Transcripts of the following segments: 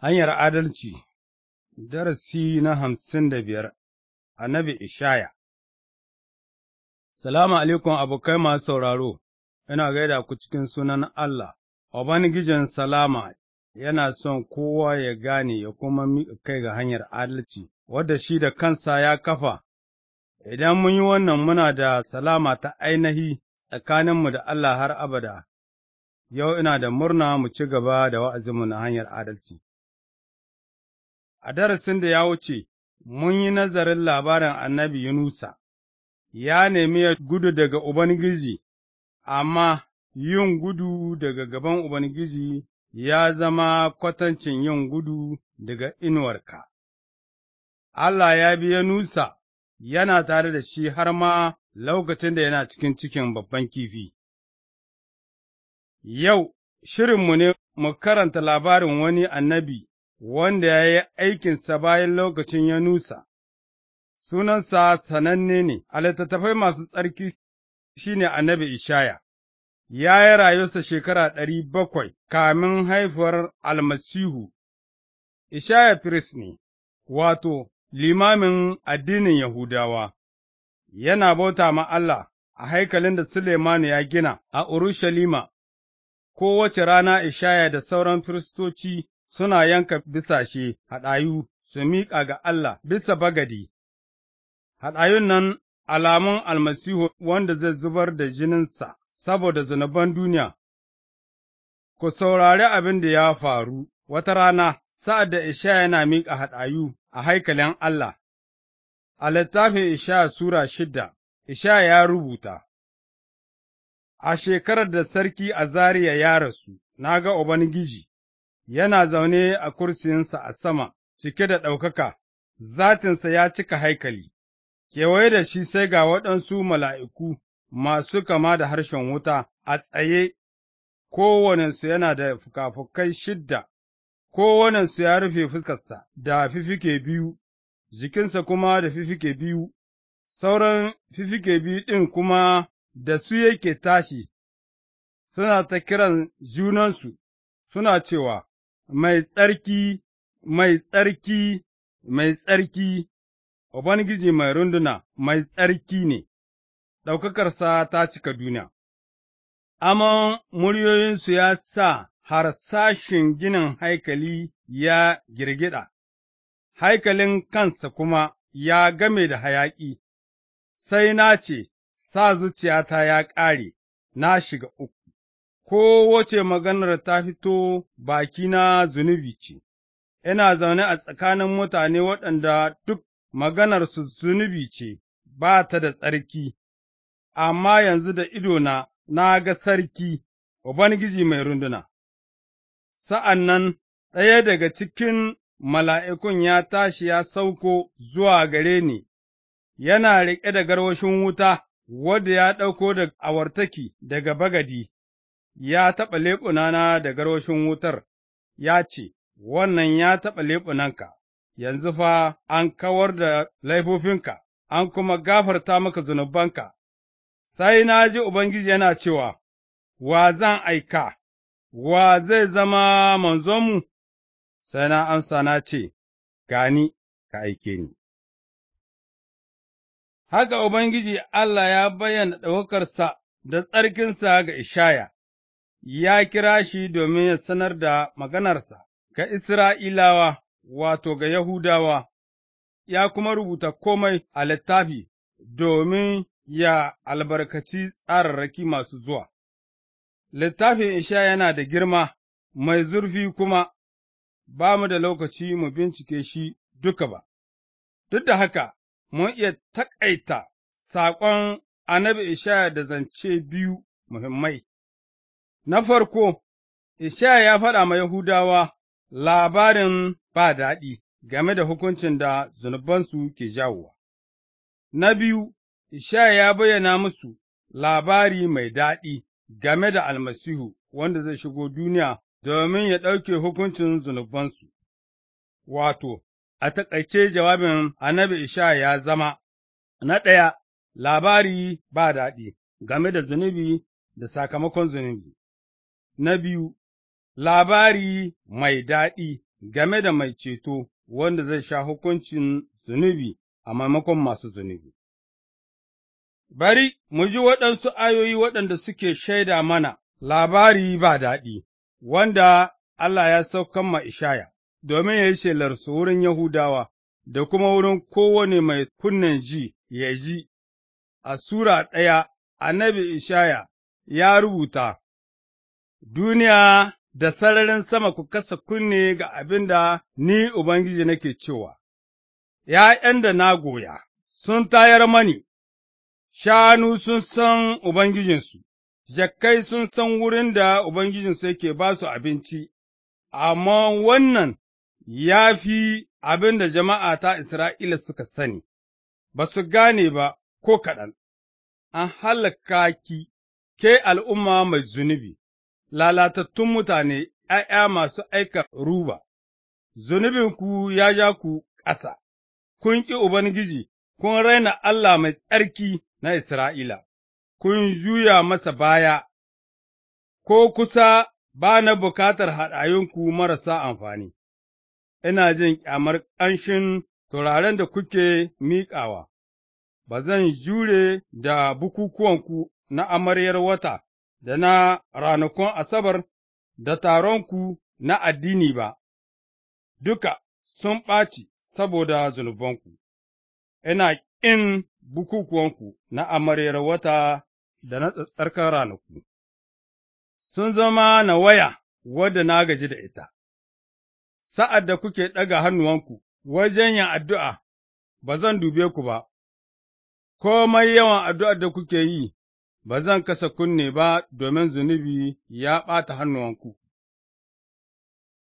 Hanyar Adalci Darasi na hamsin da biyar Annabi Ishaya Salamu alaikum abokai masu sauraro, Ina gaida ku cikin sunan Allah, Ubangijin Salama yana son kowa ya gane ya kuma miƙa kai ga hanyar adalci, wadda shi da kansa ya kafa, idan mun yi wannan muna da salama ta ainihi tsakaninmu da Allah har abada, yau ina da murna mu ci gaba da wa'azinmu na hanyar adalci. A darasin da ya wuce, mun yi nazarin labarin annabi Yunusa, ya nemi ya gudu daga Ubangiji, amma yin gudu daga gaban Ubangiji ya zama kwatancin yin gudu daga inuwarka. Allah ya bi Yunusa yana tare da shi har ma lokacin da yana cikin cikin babban kifi. Yau, shirinmu ne mu karanta labarin wani annabi wanda ya yi aikinsa bayan lokacin ya nusa, sunansa sananne ne a littattafai masu tsarki shi ne annabi Ishaya, ya yi rayuwarsa shekara ɗari bakwai kamin haifar almasihu, Ishaya firist ne, wato, limamin addinin Yahudawa, yana bauta ma Allah a haikalin da Suleimanu ya gina a Urushalima, kowace rana Ishaya da sauran firistoci suna yanka bisa shi haɗayu su miƙa ga Allah bisa bagadi, haɗayun nan alamun almasihu wanda zai zubar da jininsa saboda zunuban duniya. Ku saurari abin da ya faru wata rana sa'ad da Ishaya yana miƙa haɗayu a haikalin Allah, a littafin isha Sura shida, isha ya rubuta, A shekarar da sarki Azariya ya rasu, na ga Ubangiji yana zaune a kursiyinsa a sama cike da ɗaukaka, zatinsa ya cika haikali, kewaye da shi sai ga waɗansu mala'iku masu kama da harshen wuta a tsaye, kowanensu yana da fukafukai shidda, kowanensu ya rufe fuskarsa da fifike biyu, jikinsa kuma da fifike biyu, sauran fifike biyu ɗin kuma da su yake tashi, suna ta kiran junansu, suna cewa, mai tsarki, mai tsarki, mai tsarki, Ubangiji mai runduna mai tsarki ne, ɗaukakarsa ta cika duniya. Amon muryoyinsu ya sa harsashin ginin haikali ya girgida, haikalin kansa kuma ya game da hayaƙi, sai na ce, sa zuciyata ya ƙare, na shiga uku. Ko wace maganar ta fito bakina zunubi ce, ina zaune a tsakanin mutane waɗanda duk maganarsu zunubi ce, ba ta da tsarki, amma yanzu da idona na ga sarki, Ubangiji mai runduna. Sa'an nan ɗaya daga cikin mala'ikun ya tashi ya sauko zuwa gare ni, yana riƙe da garwashin wuta, wadda ya ɗauko da awartaki daga bagadi. ya taɓa leɓunana da garwashin wutar, ya ce, Wannan ya taɓa leɓunanka, yanzu fa an kawar da laifofinka, an kuma gafarta maka zunubanka, sai na ji Ubangiji yana cewa, Wa zan aika, wa zai zama manzonmu? Sai na amsa na ce, Gani, ka aike ni. Haka Ubangiji Allah ya bayyana ɗaukarsa da tsarkinsa ga Ishaya, ya kira shi domin ya sanar da maganarsa ga Isra'ilawa, wato ga Yahudawa, ya kuma rubuta komai a littafi domin ya albarkaci tsararraki masu zuwa. Littafin Isha yana da girma, mai zurfi kuma ba mu da lokaci mu bincike shi duka ba, duk da haka mun iya taƙaita saƙon annabi Ishaya da zance biyu muhimmai. Na farko, Ishaya ya faɗa ma Yahudawa labarin ba daɗi game da hukuncin da zunubansu ke jawowa. Na biyu, Ishaya ya bayyana musu labari mai daɗi game da almasihu wanda zai shigo duniya domin ya ɗauke hukuncin zunubansu. Wato, a taƙaice jawabin annabi Ishaya ya zama, na ɗaya, labari ba daɗi game da zunubi da sakamakon zunubi. Na biyu Labari mai daɗi game da Mai Ceto wanda zai sha hukuncin zunubi a maimakon masu zunubi Bari mu ji waɗansu ayoyi waɗanda suke shaida mana labari ba daɗi, wanda Allah ya saukan ma Ishaya, domin ya yi shelarsu wurin Yahudawa da kuma wurin kowane mai kunnen ji ya ji, a Sura ɗaya, annabi Ishaya ya rubuta duniya da sararin sama ku kasa kunne ga abin da ni Ubangiji nake cewa, ’ya'yan da na goya sun tayar mani, shanu sun san Ubangijinsu, jakkai sun san wurin da Ubangijinsu yake ba su abinci, amma wannan ya fi abin da jama'a ta Isra'ila suka sani, ba su gane ba ko kaɗan, an halaka ki, ke al'umma mai zunubi. lalatattun mutane, ’ya'ya masu aika ruba, zunubinku ya ja ku ƙasa, kun ƙi Ubangiji, kun raina Allah mai tsarki na Isra'ila, kun juya masa baya, ko kusa ba na bukatar haɗayinku marasa amfani, ina jin ƙyamar ƙanshin turaren da kuke miƙawa, ba zan jure da bukukuwanku na amaryar wata da na ranakun Asabar da taronku na addini ba, duka sun ɓaci saboda zunubanku, ina ƙin bukukuwanku na amaryar wata da na tsattsarkan ranaku, sun zama na waya wadda na gaji da ita, sa'ad da kuke ɗaga hannuwanku wajen yin addu'a, ba zan dube ku ba, komai yawan addu'ar da kuke yi ba zan kasa kunne ba domin zunubi ya ɓata hannuwanku.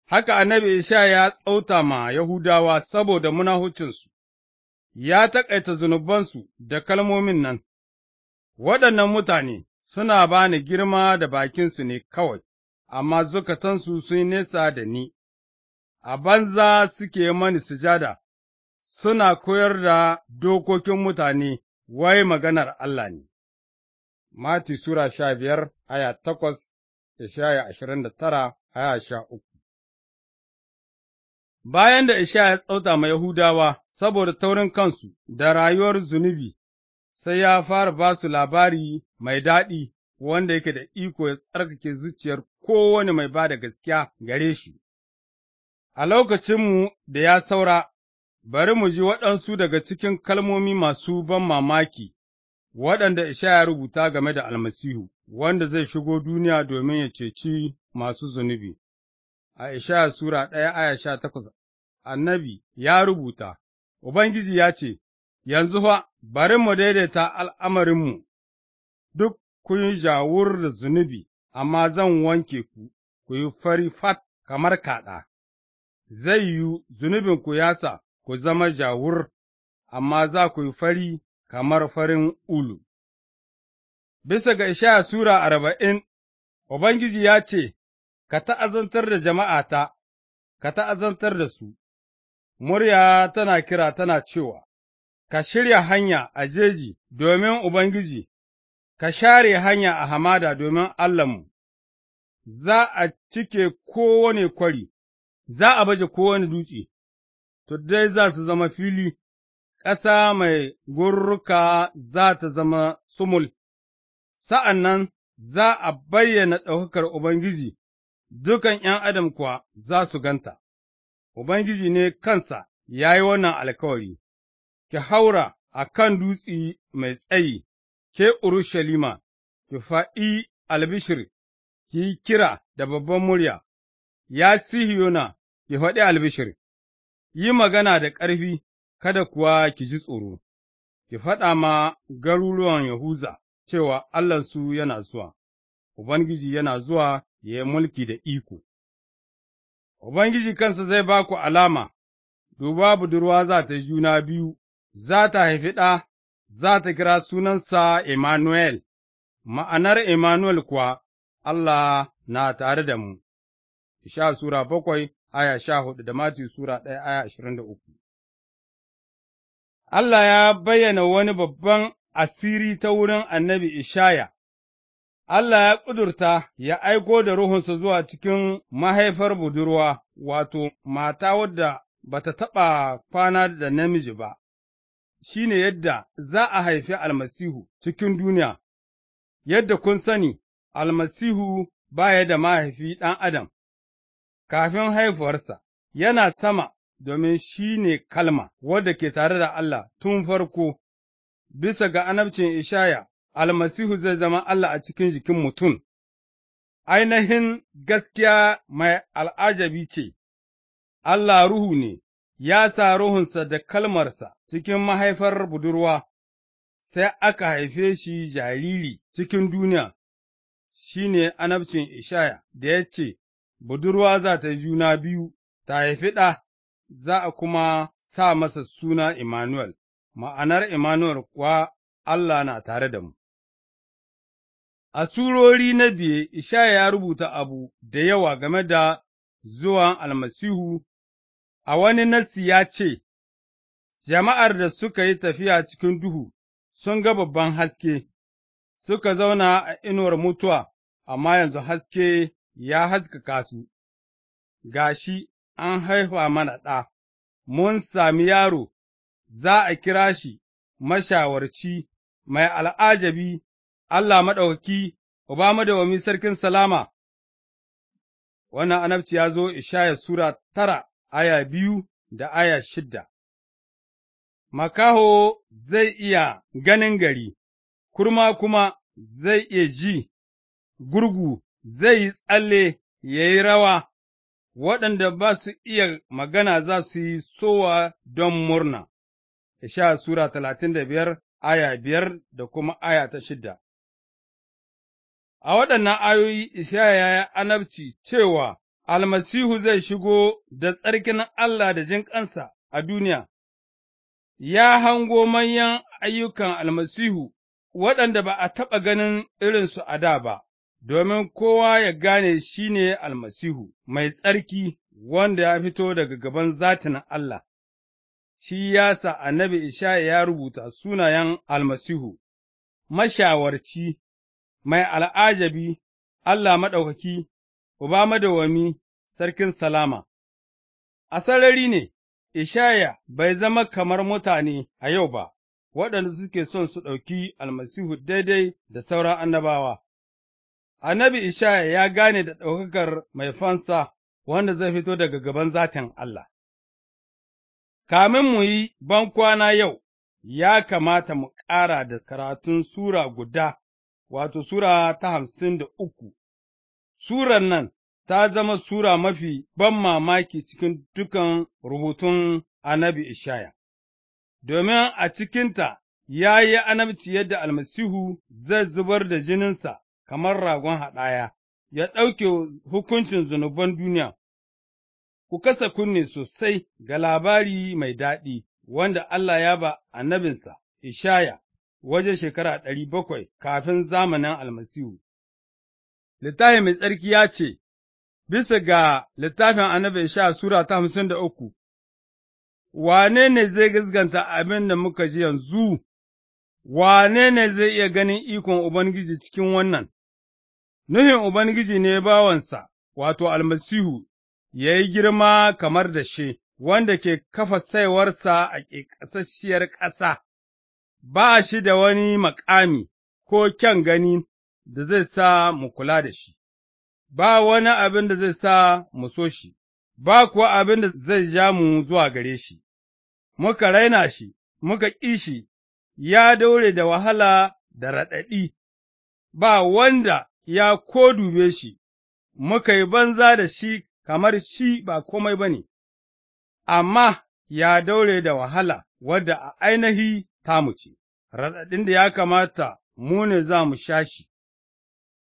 Haka annabi Isha ya tsauta ma Yahudawa saboda munahucinsu, ya taƙaita zunubansu da kalmomin nan, waɗannan mutane suna ba ni girma da bakinsu ne kawai, amma zukatansu sun nesa da ni, a banza suke mani sujada, suna koyar da dokokin mutane wai maganar Allah ne. Mati Sura sha biyar aya takwas, Ishaya ashirin da tara aya sha uku. Bayan da Ishaya ya tsauta ma Yahudawa saboda taurin kansu da rayuwar zunubi, sai ya fara ba su labari mai daɗi wanda yake da iko ya tsarkake zuciyar kowane mai ba da gaskiya gare shi. A lokacinmu da ya saura, bari mu ji waɗansu daga cikin kalmomi masu ban mamaki waɗanda Ishaya ya rubuta game da almasihu, wanda zai shigo duniya domin ya ceci masu zunubi. A Ishaya Sura ɗaya aya sha takwas, annabi ya rubuta, Ubangiji ya ce, Yanzu fa, bari mu daidaita al'amarinmu, duk kun yi jawur da zunubi, amma zan wanke ku, ku yi fari fat kamar kaɗa, zai yiwu zunubinku ya sa ku zama jawur, amma za ku yi fari kamar farin ulu. Bisa ga Ishaya Sura arba'in, Ubangiji ya ce, Ka ta'azantar da jama'ata, ka ta'azantar da su, murya tana kira tana cewa, Ka shirya hanya a jeji domin Ubangiji, ka share hanya a hamada domin Allahnmu, za a cike kowane kwari, za a baje kowane dutse, to dai za su zama fili, ƙasa mai gurruka za ta zama sumul, sa'an nan za a bayyana ɗaukakar Ubangiji, dukan ’yan adam kuwa za su ganta, Ubangiji ne kansa ya yi wannan alkawari, ki haura a kan dutsi mai tsayi, ke Urushalima, ki faɗi albishir, ki yi kira da babban murya, ya Sihiyona, ki faɗi albishir, yi magana da ƙarfi, kada kuwa ki ji tsoro, ki faɗa ma garuruwan Yahuza cewa Allahnsu yana zuwa, Ubangiji yana zuwa ya yi mulki da iko. Ubangiji kansa zai ba ku alama, duba budurwa za ta yi juna biyu, za ta haifi ɗa, za ta kira sunansa Emmanuel, ma'anar Emmanuel kuwa Allah na tare da mu. Isha Sura bakwai aya sha hudu da Matiyu Sura ɗaya aya ashirin da uku. Allah ya bayyana wani babban asiri ta wurin annabi Ishaya, Allah ya ƙudurta ya aiko da ruhunsa zuwa cikin mahaifar budurwa, wato, mata wadda ba ta taɓa kwana da namiji ba, shi ne yadda za a haifi almasihu cikin duniya, yadda kun sani, almasihu baya da mahaifi ɗan Adam, kafin haifuwarsa, yana sama domin shi ne kalma wadda ke tare da Allah tun farko, bisa ga anabcin Ishaya, almasihu zai zama Allah a cikin jikin mutum. Ainihin gaskiya mai al'ajabi ce, Allah ruhu ne, ya sa ruhunsa da kalmarsa cikin mahaifar budurwa, sai aka haife shi jariri cikin duniya, shi ne anabcin Ishaya da ya ce, Budurwa za ta juna biyu, ta haifi ɗa. za a kuma sa masa suna Immanuel, ma'anar Immanuel kuwa Allah na tare da mu. A surori na biye, Ishaya ya rubuta abu da yawa game da zuwan almasihu, a wani nasi ya ce, Jama'ar da suka yi tafiya cikin duhu sun ga babban haske, suka zauna a inuwar mutuwa, amma yanzu haske ya haskaka su, ga shi an haifa mana ɗa, mun sami yaro, za a kira shi mashawarci, mai al'ajabi, Allah maɗaukaki, Uba madawami sarkin salama. Wannan anabci ya zo Ishaya Sura tara aya biyu da aya shidda. Makaho zai iya ganin gari, kurma kuma zai iya ji, gurgu zai yi tsalle ya yi rawa, waɗanda ba su iya magana za su yi sowa don murna. Isha Sura talatin da biyar, aya biyar da kuma aya ta shida. A waɗannan ayoyi, Ishaya ya yi anabci cewa Almasihu zai shigo da tsarkin Allah da jin kansa a duniya, ya hango manyan ayyukan Almasihu waɗanda ba a taɓa ganin irinsu a da ba. domin kowa ya gane shi ne almasihu mai tsarki wanda ya fito daga gaban zatin Allah, shi ya sa annabi Ishaya ya rubuta sunayen almasihu, mashawarci, mai al'ajabi, Allah maɗaukaki, uba madawami, sarkin salama. A sarari ne, Ishaya bai zama kamar mutane a yau ba, waɗanda suke son su ɗauki almasihu daidai da sauran annabawa. annabi Ishaya ya gane da ɗaukakar mai fansa wanda zai fito daga gaban zatin Allah. Kamin mu yi bankwana yau, ya kamata mu ƙara da karatun Sura guda, wato Sura ta hamsin da uku. Suran nan ta zama Sura mafi ban mamaki cikin dukan rubutun annabi Ishaya, domin a cikinta ya yi annabci yadda almasihu zai zubar da jininsa kamar ragon haɗaya, ya ɗauke hukuncin zunuban duniya. Ku kasa kunne sosai ga labari mai daɗi wanda Allah ya ba annabinsa, Ishaya, wajen shekara ɗari bakwai kafin zamanin almasihu. Littafi mai tsarki ya ce, Bisa ga littafin annabi Ishaya Sura ta hamsin da uku, Wane ne zai gaskanta abin da muka ji yanzu, wane ne zai iya ganin ikon Ubangiji cikin wannan? Nuhin Ubangiji ne bawansa, wato, almasihu, ya yi girma kamar da shi, wanda ke kafa saiwarsa a ƙasasshiyar ƙasa, ba shi da wani makami ko kyan gani da zai sa mu kula da shi, ba wani abin da zai sa mu so shi, ba kuwa abin da zai ja mu zuwa gare shi, muka raina shi, muka ƙi shi, ya daure da wahala da raɗaɗi, ba wanda ya ko dube shi, muka yi banza da shi kamar shi ba komai ba ne, amma ya daure da wahala wadda a ainihi ta muci raɗaɗin da ya kamata mu ne za mu sha shi,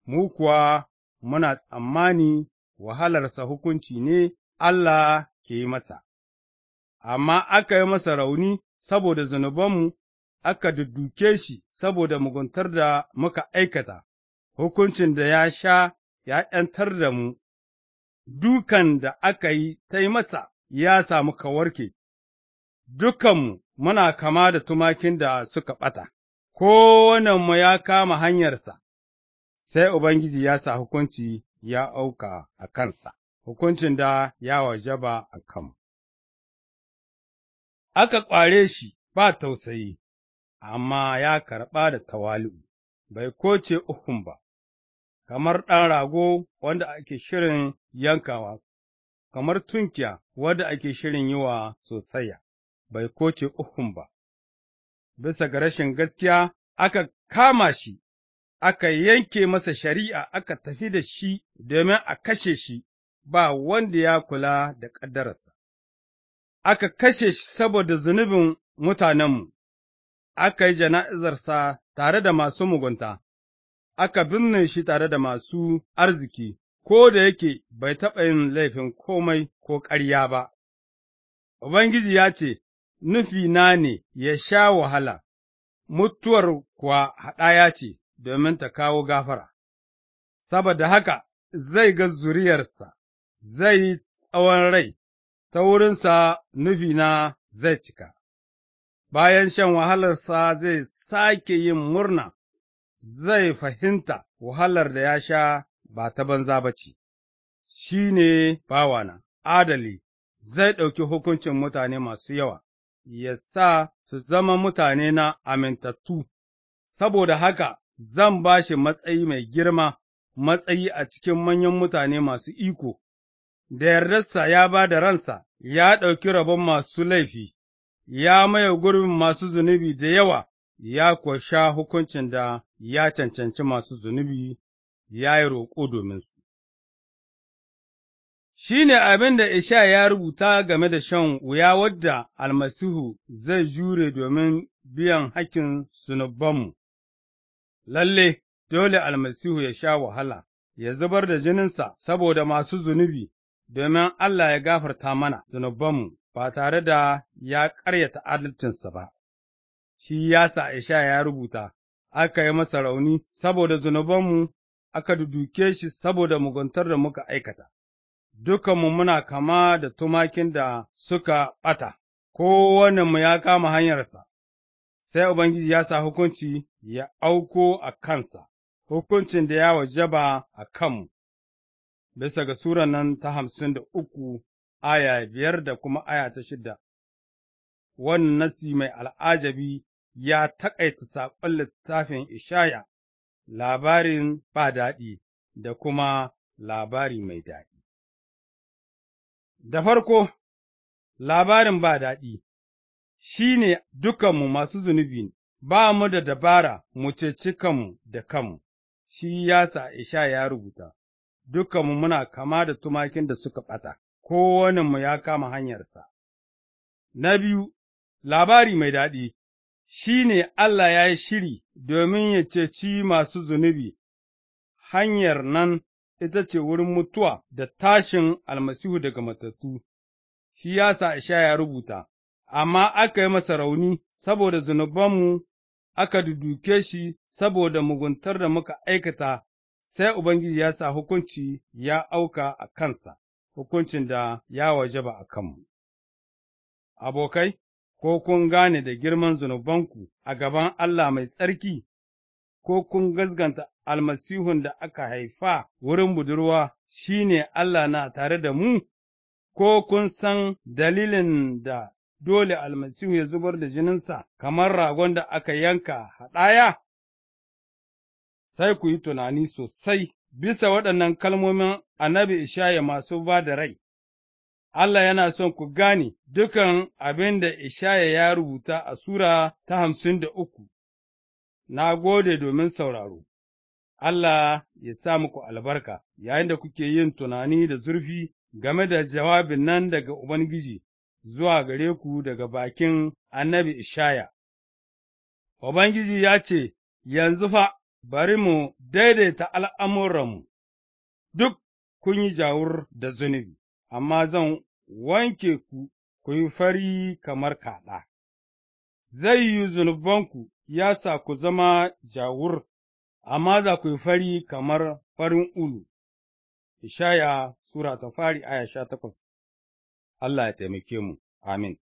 mu kuwa muna tsammani wahalarsa hukunci ne Allah ke yi masa, amma aka yi masa rauni saboda zunubanmu, aka dudduke shi saboda muguntar da muka aikata. hukuncin da ya sha ya ’yantar da mu, dukan da aka yi ta yi masa ya samu kawarke dukanmu muna kama da tumakin da suka ɓata, mu ya kama hanyarsa, sai Ubangiji ya sa hukunci ya auka a kansa, hukuncin da ya wajaba a kanmu. Aka ƙware shi ba tausayi, amma ya karɓa da tawali'u, bai koce uhun ba. kamar ɗan rago wanda ake shirin yankawa, kamar tunkiya wanda ake shirin yi wa sosaiya, bai koce uhun ba. Bisa ga rashin gaskiya aka kama shi, aka yanke masa shari'a aka tafi da shi domin a kashe shi, ba wanda ya kula da ƙaddararsa. Aka kashe shi saboda zunubin mutanenmu, aka yi jana'izarsa tare da masu mugunta. aka binne shi tare da masu arziki, ko da yake bai taɓa yin laifin komai ko ƙarya ba. Ubangiji ya ce, Nufina ne ya sha wahala, mutuwar kuwa haɗaya ce domin ta kawo gafara, saboda haka zai ga zuriyarsa, zai yi tsawon rai, ta wurinsa nufina zai cika. Bayan shan wahalarsa zai sake yin murna zai fahimta wahalar da ya sha ba ta banza ba ce, shi ne bawana, adali, zai ɗauki hukuncin mutane masu yawa, ya sa su zama mutane na amintattu, saboda haka zan ba shi matsayi mai girma, matsayi a cikin manyan mutane masu iko, da yardarsa ya ba da ransa, ya ɗauki rabon masu laifi, ya maye gurbin masu zunubi da yawa, ya kuwa sha hukuncin da ya cancanci masu zunubi ya yi roƙo dominsu. Shi ne abin da Isha ya rubuta game da shan wuya wadda almasihu zai jure domin biyan hakkin zunubanmu. Lalle, dole almasihu ya sha wahala, ya zubar da jininsa saboda masu zunubi, domin Allah ya gafarta mana zunubanmu ba tare da ya ƙaryata adalcinsa ba. Shi ya sa Isha ya rubuta, aka yi masa rauni saboda zunubanmu, aka duduke shi saboda muguntar da muka aikata, dukanmu muna kama da tumakin da suka ɓata, mu ya kama hanyarsa, sai Ubangiji ya sa hukunci ya auko a kansa, hukuncin da ya wajaba a kanmu, bisa ga Sura nan ta hamsin da uku, aya biyar da kuma aya ta shida. Wannan nasi mai al'ajabi ya taƙaita saƙon littafin Ishaya, labarin ba daɗi da kuma labari mai daɗi. Da farko, labarin ba daɗi shi ne dukanmu masu zunubi ba mu da dabara mu ceci kanmu da kanmu, shi ya sa Ishaya ya rubuta, dukanmu muna kama da tumakin da suka ɓata, kowanenmu ya kama hanyarsa. Na biyu, labari mai daɗi shi ne Allah ya yi shiri domin ya ceci masu zunubi, hanyar nan ita ce wurin mutuwa da tashin almasihu daga matattu, shi ya sa Isha ya rubuta, amma aka yi masa rauni saboda zunubanmu aka duduke shi saboda muguntar da muka aikata, sai Ubangiji ya sa hukunci ya auka a kansa, hukuncin da ya wajaba a kanmu. Abokai, ko kun gane da girman zunubanku a gaban Allah mai tsarki, ko kun gazganta almasihun da aka haifa wurin budurwa shi ne Allah na tare da mu, ko kun san dalilin da dole almasihu ya zubar da jininsa kamar ragon da aka yanka haɗaya? Sai ku yi tunani sosai bisa waɗannan kalmomin annabi Ishaya masu ba da rai. Allah yana son ku gane dukan abin da Ishaya ya rubuta a Sura ta hamsin da uku, na gode domin sauraro, Allah ya sa muku albarka yayin da kuke yin tunani da zurfi game da jawabin nan daga Ubangiji zuwa gare ku daga bakin annabi Ishaya. Ubangiji ya ce, Yanzu fa bari mu daidaita al'amuranmu, duk kun yi jawur da zunubi. amma zan wanke ku ku yi fari kamar kaɗa. Zai yi zunubanku ya sa ku zama jawur, amma za ku yi fari kamar farin ulu. Ishaya Sura ta fari aya sha takwas Allah ya taimake mu, amin.